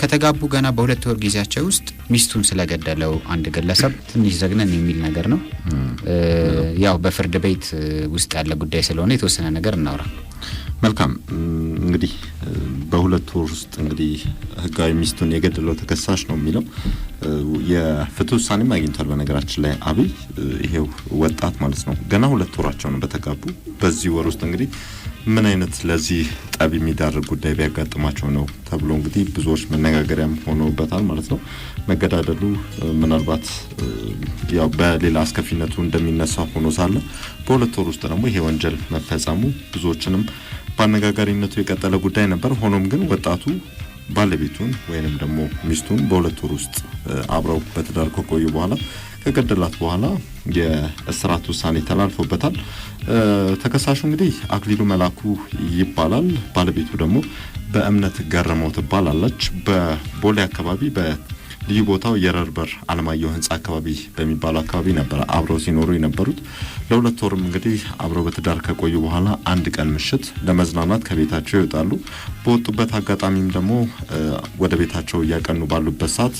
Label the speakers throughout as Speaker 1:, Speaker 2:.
Speaker 1: ከተጋቡ ገና በሁለት ወር ጊዜያቸው ውስጥ ሚስቱን ስለገደለው አንድ ግለሰብ ትንሽ ዘግነን የሚል ነገር ነው። ያው በፍርድ ቤት ውስጥ ያለ ጉዳይ ስለሆነ የተወሰነ ነገር እናውራ።
Speaker 2: መልካም እንግዲህ በሁለት ወር ውስጥ እንግዲህ ህጋዊ ሚስቱን የገደለው ተከሳሽ ነው የሚለው የፍትህ ውሳኔም አግኝቷል። በነገራችን ላይ አብይ ይሄው ወጣት ማለት ነው ገና ሁለት ወራቸው ነው በተጋቡ በዚህ ወር ውስጥ እንግዲህ ምን አይነት ለዚህ ጠብ የሚዳርግ ጉዳይ ቢያጋጥማቸው ነው ተብሎ እንግዲህ ብዙዎች መነጋገሪያም ሆኖበታል ማለት ነው። መገዳደሉ ምናልባት ያው በሌላ አስከፊነቱ እንደሚነሳ ሆኖ ሳለ በሁለት ወር ውስጥ ደግሞ ይሄ ወንጀል መፈጸሙ ብዙዎችንም በአነጋጋሪነቱ የቀጠለ ጉዳይ ነበር። ሆኖም ግን ወጣቱ ባለቤቱን ወይንም ደግሞ ሚስቱን በሁለት ወር ውስጥ አብረው በትዳር ከቆዩ በኋላ ከገደላት በኋላ የእስራት ውሳኔ ተላልፎበታል። ተከሳሹ እንግዲህ አክሊሉ መላኩ ይባላል። ባለቤቱ ደግሞ በእምነት ገረመው ትባላለች። በቦሌ አካባቢ ልዩ ቦታው የረርበር አለማየሁ ህንፃ አካባቢ በሚባለው አካባቢ ነበረ አብረው ሲኖሩ የነበሩት። ለሁለት ወርም እንግዲህ አብረው በትዳር ከቆዩ በኋላ አንድ ቀን ምሽት ለመዝናናት ከቤታቸው ይወጣሉ። በወጡበት አጋጣሚም ደግሞ ወደ ቤታቸው እያቀኑ ባሉበት ሰዓት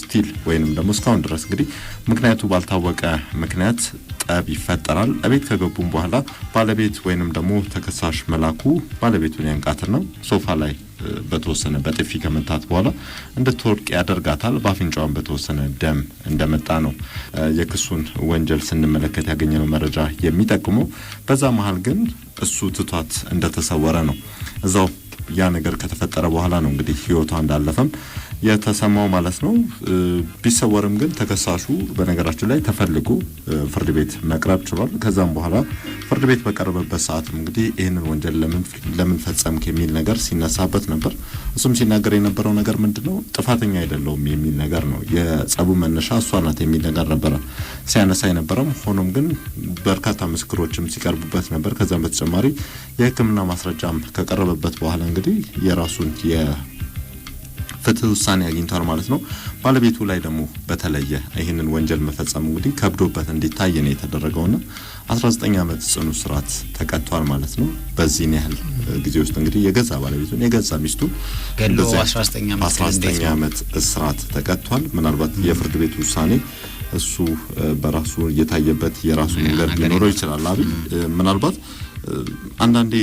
Speaker 2: ስቲል ወይንም ደግሞ እስካሁን ድረስ እንግዲህ ምክንያቱ ባልታወቀ ምክንያት ጠብ ይፈጠራል። እቤት ከገቡም በኋላ ባለቤት ወይንም ደግሞ ተከሳሽ መላኩ ባለቤቱን ያንቃትና ሶፋ ላይ በተወሰነ በጥፊ ከመታት በኋላ እንድትወድቅ ያደርጋታል። በአፍንጫዋን በተወሰነ ደም እንደመጣ ነው የክሱን ወንጀል ስንመለከት ያገኘነው መረጃ የሚጠቅመው። በዛ መሀል ግን እሱ ትቷት እንደተሰወረ ነው። እዛው ያ ነገር ከተፈጠረ በኋላ ነው እንግዲህ ህይወቷ እንዳለፈም የተሰማው ማለት ነው። ቢሰወርም ግን ተከሳሹ በነገራችን ላይ ተፈልጎ ፍርድ ቤት መቅረብ ችሏል። ከዛም በኋላ ፍርድ ቤት በቀረበበት ሰዓትም እንግዲህ ይህንን ወንጀል ለምን ፈጸምክ የሚል ነገር ሲነሳበት ነበር። እሱም ሲናገር የነበረው ነገር ምንድን ነው ጥፋተኛ አይደለውም የሚል ነገር ነው። የጸቡ መነሻ እሷ ናት የሚል ነገር ነበረ ሲያነሳ የነበረም። ሆኖም ግን በርካታ ምስክሮችም ሲቀርቡበት ነበር። ከዚያም በተጨማሪ የሕክምና ማስረጃም ከቀረበበት በኋላ እንግዲህ የራሱን ፍትህ ውሳኔ አግኝቷል ማለት ነው። ባለቤቱ ላይ ደግሞ በተለየ ይህንን ወንጀል መፈጸሙ እንግዲህ ከብዶበት እንዲታይ ነው የተደረገውና 19 ዓመት ጽኑ እስራት ተቀጥቷል ማለት ነው። በዚህን ያህል ጊዜ ውስጥ እንግዲህ የገዛ ባለቤቱን የገዛ ሚስቱ
Speaker 1: 19
Speaker 2: ዓመት እስራት ተቀጥቷል። ምናልባት የፍርድ ቤት ውሳኔ እሱ በራሱ እየታየበት የራሱ መንገድ ሊኖረው ይችላል አይደል? ምናልባት አንዳንዴ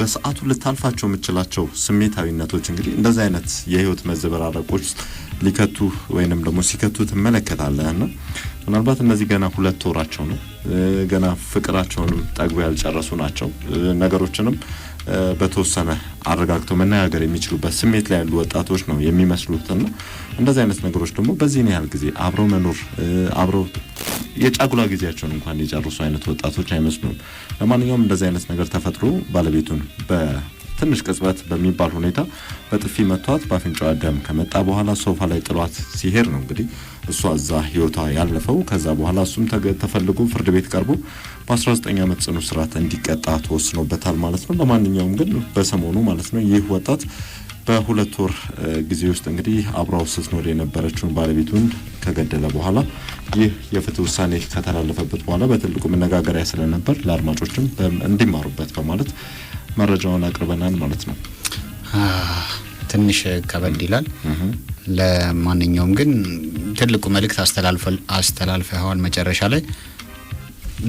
Speaker 2: በሰዓቱ ልታልፋቸው የምችላቸው ስሜታዊነቶች እንግዲህ እንደዚህ አይነት የህይወት መዘበራረቆች ውስጥ ሊከቱ ወይንም ደግሞ ሲከቱ ትመለከታለህ እና ምናልባት እነዚህ ገና ሁለት ወራቸው ነው። ገና ፍቅራቸውንም ጠግቦ ያልጨረሱ ናቸው። ነገሮችንም በተወሰነ አረጋግተው መነጋገር የሚችሉበት ስሜት ላይ ያሉ ወጣቶች ነው የሚመስሉት እና እንደዚህ አይነት ነገሮች ደግሞ በዚህን ያህል ጊዜ አብረው መኖር አብረው የጫጉላ ጊዜያቸውን እንኳን የጨርሱ አይነት ወጣቶች አይመስሉም። ለማንኛውም እንደዚህ አይነት ነገር ተፈጥሮ ባለቤቱን በትንሽ ቅጽበት በሚባል ሁኔታ በጥፊ መቷት፣ በአፍንጫዋ ደም ከመጣ በኋላ ሶፋ ላይ ጥሏት ሲሄድ ነው እንግዲህ እሷ እዛ ህይወቷ ያለፈው። ከዛ በኋላ እሱም ተፈልጎ ፍርድ ቤት ቀርቦ በ19 ዓመት ጽኑ እስራት እንዲቀጣ ተወስኖበታል ማለት ነው። ለማንኛውም ግን በሰሞኑ ማለት ነው ይህ ወጣት በሁለት ወር ጊዜ ውስጥ እንግዲህ አብራው ስትኖር የነበረችውን ባለቤቱን ከገደለ በኋላ ይህ የፍትህ ውሳኔ ከተላለፈበት በኋላ በትልቁ መነጋገሪያ ስለነበር ለአድማጮችም እንዲማሩበት በማለት መረጃውን አቅርበናል ማለት ነው።
Speaker 1: ትንሽ ከበድ ይላል። ለማንኛውም ግን ትልቁ መልእክት አስተላልፈዋል። መጨረሻ ላይ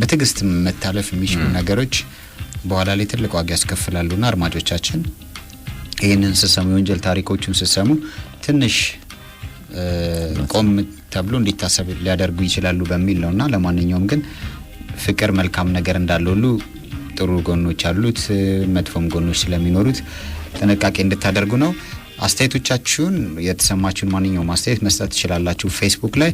Speaker 1: በትዕግስት መታለፍ የሚችሉ ነገሮች በኋላ ላይ ትልቅ ዋጋ ያስከፍላሉና አድማጮቻችን ይህንን ስሰሙ የወንጀል ታሪኮቹን ስሰሙ ትንሽ ቆም ተብሎ እንዲታሰብ ሊያደርጉ ይችላሉ በሚል ነው እና ለማንኛውም ግን ፍቅር መልካም ነገር እንዳለ ሁሉ ጥሩ ጎኖች አሉት፣ መጥፎም ጎኖች ስለሚኖሩት ጥንቃቄ እንድታደርጉ ነው። አስተያየቶቻችሁን የተሰማችሁን ማንኛውም አስተያየት መስጠት ትችላላችሁ ፌስቡክ ላይ።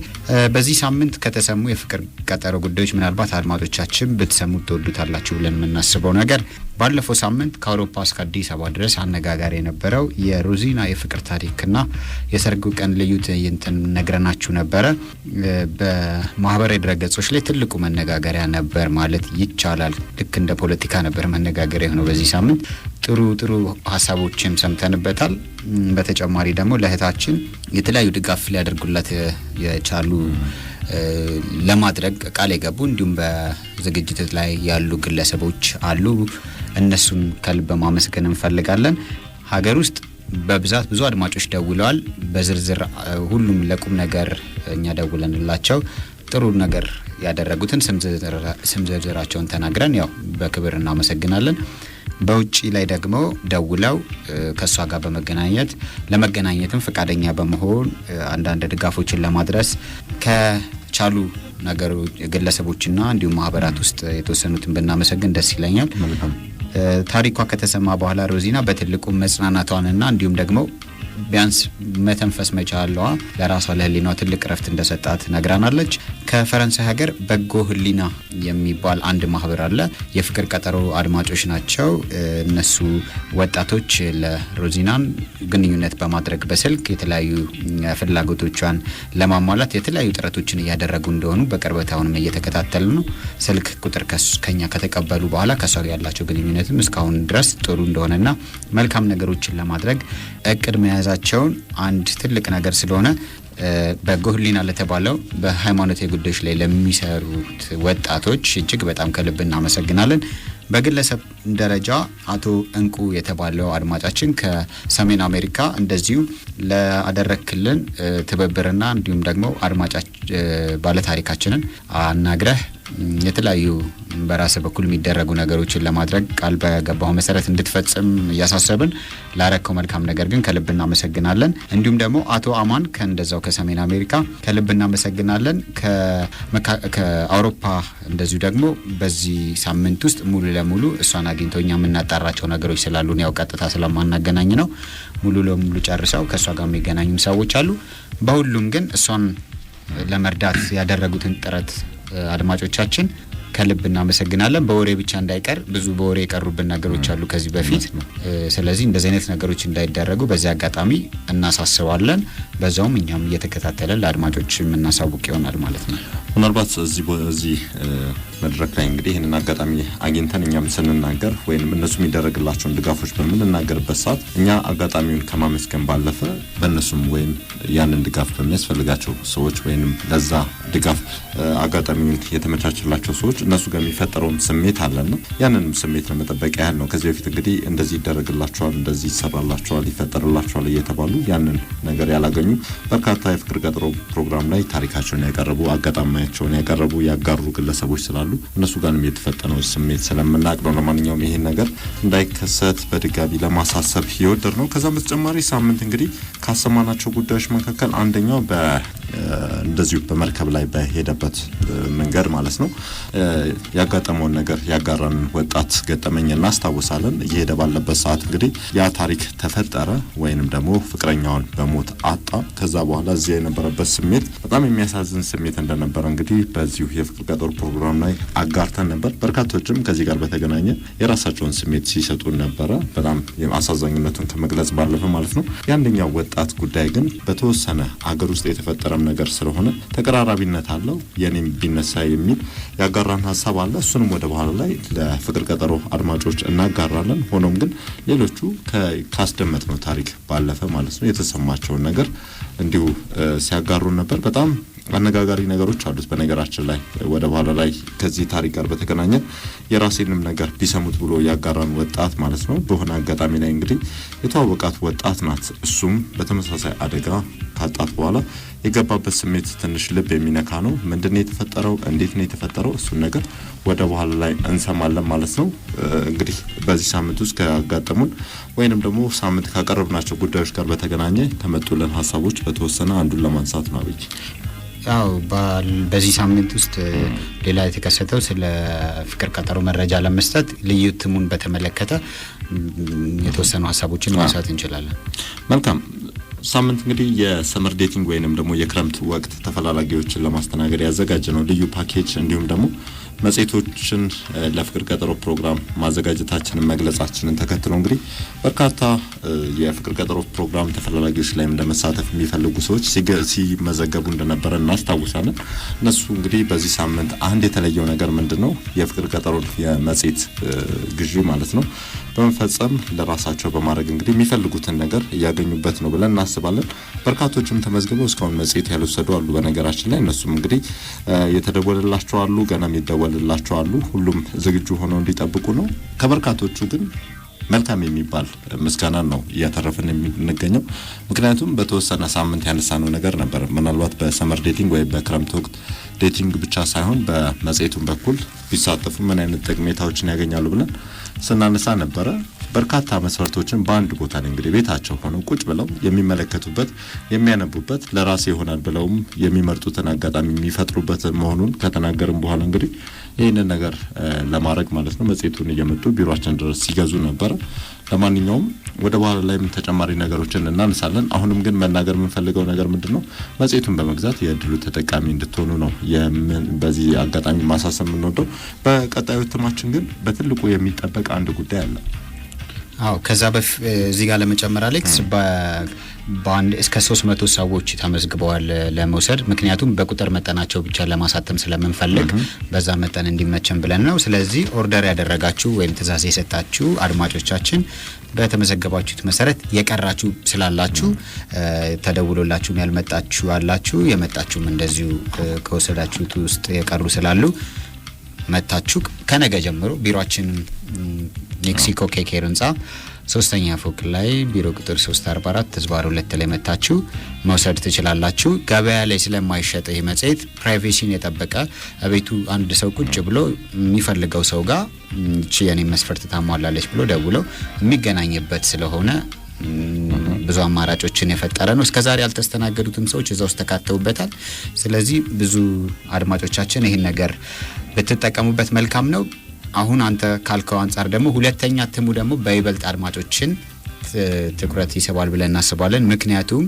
Speaker 1: በዚህ ሳምንት ከተሰሙ የፍቅር ቀጠሮ ጉዳዮች ምናልባት አድማጮቻችን ብትሰሙት ትወዱታላችሁ ብለን የምናስበው ነገር ባለፈው ሳምንት ከአውሮፓ እስከ አዲስ አበባ ድረስ አነጋጋሪ የነበረው የሩዚና የፍቅር ታሪክና የሰርጉ ቀን ልዩ ትዕይንትን ነግረናችሁ ነበረ። በማህበራዊ ድረገጾች ላይ ትልቁ መነጋገሪያ ነበር ማለት ይቻላል። ልክ እንደ ፖለቲካ ነበር መነጋገሪያ የሆነው በዚህ ሳምንት። ጥሩ ጥሩ ሀሳቦችም ሰምተንበታል። በተጨማሪ ደግሞ ለእህታችን የተለያዩ ድጋፍ ሊያደርጉላት የቻሉ ለማድረግ ቃል የገቡ እንዲሁም በዝግጅት ላይ ያሉ ግለሰቦች አሉ። እነሱም ከልብ ማመስገን እንፈልጋለን። ሀገር ውስጥ በብዛት ብዙ አድማጮች ደውለዋል። በዝርዝር ሁሉም ለቁም ነገር እኛ ደውለንላቸው ጥሩ ነገር ያደረጉትን ስም ዝርዝራቸውን ተናግረን ያው በክብር እናመሰግናለን። በውጭ ላይ ደግሞ ደውለው ከእሷ ጋር በመገናኘት ለመገናኘትም ፈቃደኛ በመሆን አንዳንድ ድጋፎችን ለማድረስ ከቻሉ ነገሮች ግለሰቦችና እንዲሁም ማህበራት ውስጥ የተወሰኑትን ብናመሰግን ደስ ይለኛል። ታሪኳ ከተሰማ በኋላ ሮዚና በትልቁ መጽናናቷንና እንዲሁም ደግሞ ቢያንስ መተንፈስ መቻለዋ ለራሷ ለህሊናዋ ትልቅ ረፍት እንደሰጣት ነግራናለች። ከፈረንሳይ ሀገር በጎ ህሊና የሚባል አንድ ማህበር አለ። የፍቅር ቀጠሮ አድማጮች ናቸው። እነሱ ወጣቶች ለሮዚናን ግንኙነት በማድረግ በስልክ የተለያዩ ፍላጎቶቿን ለማሟላት የተለያዩ ጥረቶችን እያደረጉ እንደሆኑ በቅርበት አሁንም እየተከታተሉ ነው። ስልክ ቁጥር ከኛ ከተቀበሉ በኋላ ከሷ ያላቸው ግንኙነትም እስካሁን ድረስ ጥሩ እንደሆነና መልካም ነገሮችን ለማድረግ እቅድ መያዝ መያዛቸውን አንድ ትልቅ ነገር ስለሆነ በጎ ህሊና ለተባለው በሃይማኖታዊ ጉዳዮች ላይ ለሚሰሩት ወጣቶች እጅግ በጣም ከልብ እናመሰግናለን። በግለሰብ ደረጃ አቶ እንቁ የተባለው አድማጫችን ከሰሜን አሜሪካ እንደዚሁ ለአደረክልን ትብብርና እንዲሁም ደግሞ አድማጫ ባለታሪካችንን አናግረህ የተለያዩ በራስ በኩል የሚደረጉ ነገሮችን ለማድረግ ቃል በገባሁ መሰረት እንድትፈጽም እያሳሰብን ላረከው መልካም ነገር ግን ከልብ እናመሰግናለን። እንዲሁም ደግሞ አቶ አማን ከእንደዛው ከሰሜን አሜሪካ ከልብ እናመሰግናለን። ከአውሮፓ እንደዚሁ ደግሞ በዚህ ሳምንት ውስጥ ሙሉ ለሙሉ እሷን አግኝተው እኛ የምናጣራቸው ነገሮች ስላሉ ያው ቀጥታ ስለማናገናኝ ነው። ሙሉ ለሙሉ ጨርሰው ከእሷ ጋር የሚገናኙም ሰዎች አሉ። በሁሉም ግን እሷን ለመርዳት ያደረጉትን ጥረት አድማጮቻችን ከልብ እናመሰግናለን። በወሬ ብቻ እንዳይቀር ብዙ በወሬ የቀሩብን ነገሮች አሉ ከዚህ በፊት። ስለዚህ እንደዚህ አይነት ነገሮች እንዳይደረጉ በዚህ አጋጣሚ እናሳስባለን። በዛውም እኛም እየተከታተለን ለአድማጮች የምናሳውቅ ይሆናል ማለት ነው።
Speaker 2: ምናልባት እዚህ መድረክ ላይ እንግዲህ ይህንን አጋጣሚ አግኝተን እኛም ስንናገር ወይም እነሱ የሚደረግላቸውን ድጋፎች በምንናገርበት ሰዓት እኛ አጋጣሚውን ከማመስገን ባለፈ በእነሱም ወይም ያንን ድጋፍ በሚያስፈልጋቸው ሰዎች ወይም ለዛ ድጋፍ አጋጣሚውን የተመቻችላቸው ሰዎች እነሱ ጋር የሚፈጠረውን ስሜት አለና ያንንም ስሜት ለመጠበቅ ያህል ነው። ከዚህ በፊት እንግዲህ እንደዚህ ይደረግላቸዋል፣ እንደዚህ ይሰራላቸዋል፣ ይፈጠርላቸዋል እየተባሉ ያንን ነገር ያላገኙ በርካታ የፍቅር ቀጠሮ ፕሮግራም ላይ ታሪካቸውን ያቀረቡ አጋጣሚያቸውን ያቀረቡ ያጋሩ ግለሰቦች ስላሉ እነሱ ጋርም የተፈጠነው ስሜት ስለምናቅ ነው። ለማንኛውም ይሄን ነገር እንዳይከሰት በድጋሚ ለማሳሰብ የወደድ ነው። ከዛም በተጨማሪ ሳምንት እንግዲህ ካሰማናቸው ጉዳዮች መካከል አንደኛው በ እንደዚሁ በመርከብ ላይ በሄደበት መንገድ ማለት ነው ያጋጠመውን ነገር ያጋራን ወጣት ገጠመኝ እናስታውሳለን። እየሄደ ባለበት ሰዓት እንግዲህ ያ ታሪክ ተፈጠረ ወይንም ደግሞ ፍቅረኛውን በሞት አጣ። ከዛ በኋላ እዚያ የነበረበት ስሜት በጣም የሚያሳዝን ስሜት እንደነበረ እንግዲህ በዚሁ የፍቅር ቀጠሮ ፕሮግራም ላይ አጋርተን ነበር። በርካቶችም ከዚህ ጋር በተገናኘ የራሳቸውን ስሜት ሲሰጡን ነበረ። በጣም አሳዛኝነቱን ከመግለጽ ባለፈ ማለት ነው። የአንደኛው ወጣት ጉዳይ ግን በተወሰነ አገር ውስጥ የተፈጠረ ነገር ስለሆነ ተቀራራቢነት አለው። የኔም ቢነሳ የሚል ያጋራን ሀሳብ አለ። እሱንም ወደ በኋላ ላይ ለፍቅር ቀጠሮ አድማጮች እናጋራለን። ሆኖም ግን ሌሎቹ ካስደመጥ ነው ታሪክ ባለፈ ማለት ነው የተሰማቸውን ነገር እንዲሁ ሲያጋሩን ነበር በጣም አነጋጋሪ ነገሮች አሉት። በነገራችን ላይ ወደ በኋላ ላይ ከዚህ ታሪክ ጋር በተገናኘ የራሴንም ነገር ቢሰሙት ብሎ ያጋራን ወጣት ማለት ነው። በሆነ አጋጣሚ ላይ እንግዲህ የተዋወቃት ወጣት ናት። እሱም በተመሳሳይ አደጋ ካጣት በኋላ የገባበት ስሜት ትንሽ ልብ የሚነካ ነው። ምንድን ነው የተፈጠረው? እንዴት ነው የተፈጠረው? እሱን ነገር ወደ በኋላ ላይ እንሰማለን ማለት ነው። እንግዲህ በዚህ ሳምንት ውስጥ ከያጋጠሙን ወይንም ደግሞ ሳምንት ካቀረብናቸው ጉዳዮች ጋር በተገናኘ ከመጡልን ሀሳቦች በተወሰነ አንዱን ለማንሳት ነው አብይ
Speaker 1: ያው በዚህ ሳምንት ውስጥ ሌላ የተከሰተው ስለ ፍቅር ቀጠሮ መረጃ ለመስጠት ልዩ እትሙን በተመለከተ የተወሰኑ ሀሳቦችን ማንሳት እንችላለን።
Speaker 2: መልካም ሳምንት እንግዲህ የሰመር ዴቲንግ ወይንም ደግሞ የክረምት ወቅት ተፈላላጊዎችን ለማስተናገድ ያዘጋጀ ነው ልዩ ፓኬጅ እንዲሁም ደግሞ መጽሔቶችን ለፍቅር ቀጠሮ ፕሮግራም ማዘጋጀታችንን መግለጻችንን ተከትሎ እንግዲህ በርካታ የፍቅር ቀጠሮ ፕሮግራም ተፈላላጊዎች ላይም ለመሳተፍ የሚፈልጉ ሰዎች ሲመዘገቡ እንደነበረ እናስታውሳለን። እነሱ እንግዲህ በዚህ ሳምንት አንድ የተለየው ነገር ምንድን ነው? የፍቅር ቀጠሮ የመጽሔት ግዢ ማለት ነው በመፈጸም ለራሳቸው በማድረግ እንግዲህ የሚፈልጉትን ነገር እያገኙበት ነው ብለን እናስባለን። በርካቶችም ተመዝግበው እስካሁን መጽሔት ያልወሰዱ አሉ። በነገራችን ላይ እነሱም እንግዲህ የተደወለላቸው አሉ ገና የሚደወ ይደወልላቸዋሉ። ሁሉም ዝግጁ ሆነው እንዲጠብቁ ነው። ከበርካቶቹ ግን መልካም የሚባል ምስጋናን ነው እያተረፍን የምንገኘው። ምክንያቱም በተወሰነ ሳምንት ያነሳነው ነገር ነበር። ምናልባት በሰመር ዴቲንግ ወይም በክረምት ወቅት ዴቲንግ ብቻ ሳይሆን በመጽሔቱም በኩል ቢሳተፉ ምን አይነት ጠቀሜታዎችን ያገኛሉ ብለን ስናነሳ ነበረ። በርካታ መስፈርቶችን በአንድ ቦታ ላይ እንግዲህ ቤታቸው ሆነው ቁጭ ብለው የሚመለከቱበት የሚያነቡበት ለራሴ ይሆናል ብለውም የሚመርጡትን አጋጣሚ የሚፈጥሩበት መሆኑን ከተናገርም በኋላ እንግዲህ ይህንን ነገር ለማድረግ ማለት ነው መጽሄቱን እየመጡ ቢሮችን ድረስ ሲገዙ ነበረ። ለማንኛውም ወደ በኋላ ላይም ተጨማሪ ነገሮችን እናነሳለን። አሁንም ግን መናገር የምንፈልገው ነገር ምንድን ነው? መጽሄቱን በመግዛት የእድሉ ተጠቃሚ እንድትሆኑ ነው በዚህ አጋጣሚ ማሳሰብ የምንወደው። በቀጣዩ እትማችን ግን በትልቁ የሚጠበቅ አንድ ጉዳይ አለ።
Speaker 1: አዎ ከዛ እዚህ ጋር ለመጨመር አሌክስ በአንድ እስከ ሶስት መቶ ሰዎች ተመዝግበዋል ለመውሰድ። ምክንያቱም በቁጥር መጠናቸው ብቻ ለማሳተም ስለምንፈልግ በዛ መጠን እንዲመቸን ብለን ነው። ስለዚህ ኦርደር ያደረጋችሁ ወይም ትእዛዝ የሰጣችሁ አድማጮቻችን በተመዘገባችሁት መሰረት የቀራችሁ ስላላችሁ ተደውሎላችሁም ያልመጣችሁ አላችሁ፣ የመጣችሁም እንደዚሁ ከወሰዳችሁት ውስጥ የቀሩ ስላሉ መታችሁ ከነገ ጀምሮ ቢሮችን ሜክሲኮ ኬኬር ህንፃ ሶስተኛ ፎቅ ላይ ቢሮ ቁጥር 344 ህዝባር ሁለት ላይ መታችሁ መውሰድ ትችላላችሁ። ገበያ ላይ ስለማይሸጥ ይህ መጽሔት ፕራይቬሲን የጠበቀ ቤቱ አንድ ሰው ቁጭ ብሎ የሚፈልገው ሰው ጋር እቺ የኔ መስፈርት ታሟላለች ብሎ ደውሎ የሚገናኝበት ስለሆነ ብዙ አማራጮችን የፈጠረ ነው። እስከዛሬ ያልተስተናገዱትም ሰዎች እዛ ውስጥ ተካተውበታል። ስለዚህ ብዙ አድማጮቻችን ይህን ነገር ብትጠቀሙበት መልካም ነው። አሁን አንተ ካልከው አንጻር ደግሞ ሁለተኛ እትሙ ደግሞ በይበልጥ አድማጮችን ትኩረት ይስባል ብለን እናስባለን። ምክንያቱም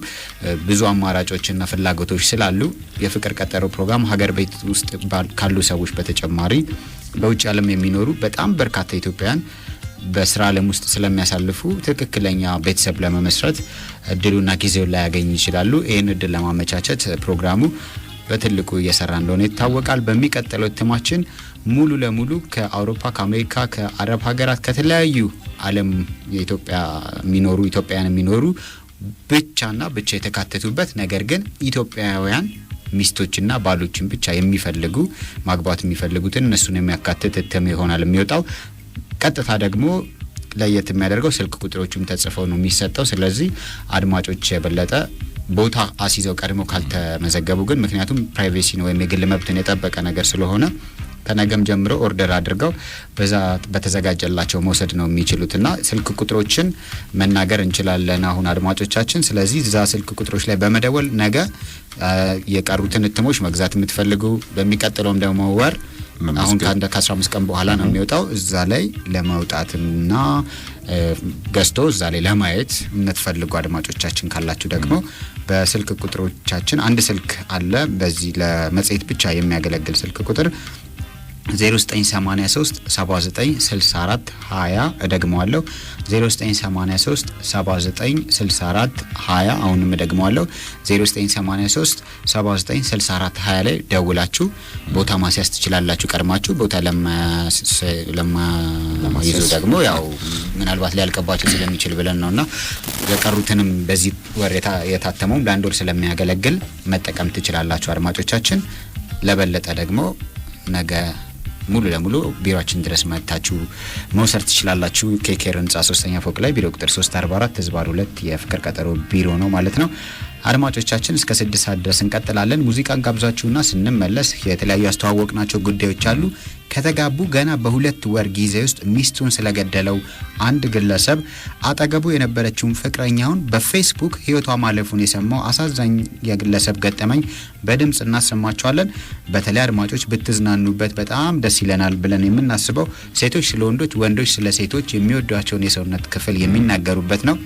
Speaker 1: ብዙ አማራጮችና ፍላጎቶች ስላሉ የፍቅር ቀጠሮ ፕሮግራም ሀገር ቤት ውስጥ ካሉ ሰዎች በተጨማሪ በውጭ ዓለም የሚኖሩ በጣም በርካታ ኢትዮጵያውያን በስራ ዓለም ውስጥ ስለሚያሳልፉ ትክክለኛ ቤተሰብ ለመመስረት እድሉና ጊዜውን ላያገኝ ይችላሉ። ይህን እድል ለማመቻቸት ፕሮግራሙ በትልቁ እየሰራ እንደሆነ ይታወቃል። በሚቀጥለው እትማችን ሙሉ ለሙሉ ከአውሮፓ፣ ከአሜሪካ፣ ከአረብ ሀገራት ከተለያዩ ዓለም የኢትዮጵያ የሚኖሩ ኢትዮጵያውያን የሚኖሩ ብቻና ብቻ የተካተቱበት ነገር ግን ኢትዮጵያውያን ሚስቶችና ባሎችን ብቻ የሚፈልጉ ማግባት የሚፈልጉትን እነሱን የሚያካትት እትም ይሆናል የሚወጣው። ቀጥታ ደግሞ ለየት የሚያደርገው ስልክ ቁጥሮቹም ተጽፈው ነው የሚሰጠው። ስለዚህ አድማጮች የበለጠ ቦታ አስይዘው ቀድሞ ካልተመዘገቡ ግን ምክንያቱም ፕራይቬሲ ነው ወይም የግል መብትን የጠበቀ ነገር ስለሆነ ከነገም ጀምሮ ኦርደር አድርገው በዛ በተዘጋጀላቸው መውሰድ ነው የሚችሉት እና ስልክ ቁጥሮችን መናገር እንችላለን አሁን አድማጮቻችን። ስለዚህ እዛ ስልክ ቁጥሮች ላይ በመደወል ነገ የቀሩትን እትሞች መግዛት የምትፈልጉ በሚቀጥለውም ደግሞ ወር አሁን ከአንድ ከ15 ቀን በኋላ ነው የሚወጣው። እዛ ላይ ለመውጣትና ገዝቶ እዛ ላይ ለማየት የምትፈልጉ አድማጮቻችን ካላችሁ ደግሞ በስልክ ቁጥሮቻችን አንድ ስልክ አለ። በዚህ ለመጽሔት ብቻ የሚያገለግል ስልክ ቁጥር 0983 79 64 20 እደግመዋለሁ። 0983 79 64 20 አሁንም እደግመዋለሁ። 0983 79 64 20 ላይ ደውላችሁ ቦታ ማስያዝ ትችላላችሁ። ቀድማችሁ ቦታ ለማይዞ ደግሞ ያው ምናልባት ሊያልቅባቸው ስለሚችል ብለን ነው እና የቀሩትንም በዚህ ወር የታተመውም ለአንድ ወር ስለሚያገለግል መጠቀም ትችላላችሁ አድማጮቻችን። ለበለጠ ደግሞ ነገ ሙሉ ለሙሉ ቢሮችን ድረስ መታችሁ መውሰድ ትችላላችሁ። ኬኬር ህንፃ ሶስተኛ ፎቅ ላይ ቢሮ ቁጥር 344 ህዝባር ሁለት የፍቅር ቀጠሮ ቢሮ ነው ማለት ነው። አድማጮቻችን እስከ ስድስት ሰዓት ድረስ እንቀጥላለን። ሙዚቃን ጋብዛችሁና ስንመለስ የተለያዩ ያስተዋወቅናቸው ጉዳዮች አሉ። ከተጋቡ ገና በሁለት ወር ጊዜ ውስጥ ሚስቱን ስለገደለው አንድ ግለሰብ አጠገቡ የነበረችውን ፍቅረኛውን በፌስቡክ ሕይወቷ ማለፉን የሰማው አሳዛኝ የግለሰብ ገጠመኝ በድምፅ እናሰማቸዋለን። በተለይ አድማጮች ብትዝናኑበት በጣም ደስ ይለናል ብለን የምናስበው ሴቶች ስለ ወንዶች፣ ወንዶች ስለ ሴቶች የሚወዷቸውን የሰውነት ክፍል የሚናገሩበት ነው።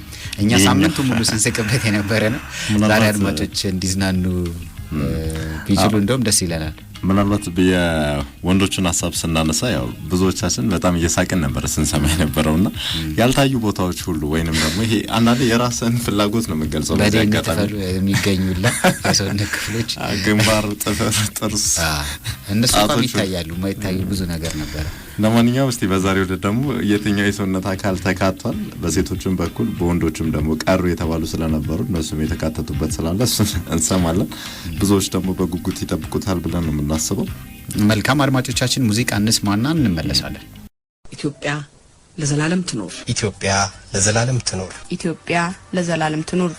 Speaker 1: እኛ ሳምንቱ ሙሉ ስንስቅበት የነበረ ነው። ዛሬ አድማጮች እንዲዝናኑ ቢችሉ እንደውም ደስ ይለናል።
Speaker 2: ምናልባት የወንዶችን ሀሳብ ስናነሳ ያው ብዙዎቻችን በጣም እየሳቅን ነበረ ስንሰማ የነበረው እና ያልታዩ ቦታዎች ሁሉ ወይንም ደግሞ ይሄ አንዳንዴ የራስን ፍላጎት ነው የምገልጸው
Speaker 1: በደንብ የሚገኙላ የሰውነት ክፍሎች
Speaker 2: ግንባር፣ ጥፍር፣ ጥርስ
Speaker 1: እነሱ እንኳን ይታያሉ። ብዙ ነገር ነበረ።
Speaker 2: ለማንኛውም እስቲ በዛሬው ዕለት ደግሞ የትኛው የሰውነት አካል ተካቷል፣ በሴቶችም በኩል በወንዶችም ደግሞ ቀሩ የተባሉ ስለነበሩ እነሱም የተካተቱበት ስላለ እሱን እንሰማለን። ብዙዎች ደግሞ በጉጉት ይጠብቁታል ብለን ነው የማስበው።
Speaker 1: መልካም አድማጮቻችን፣ ሙዚቃ እንስማና እንመለሳለን። ኢትዮጵያ ለዘላለም ትኖር! ኢትዮጵያ ለዘላለም ትኖር! ኢትዮጵያ ለዘላለም ትኖር!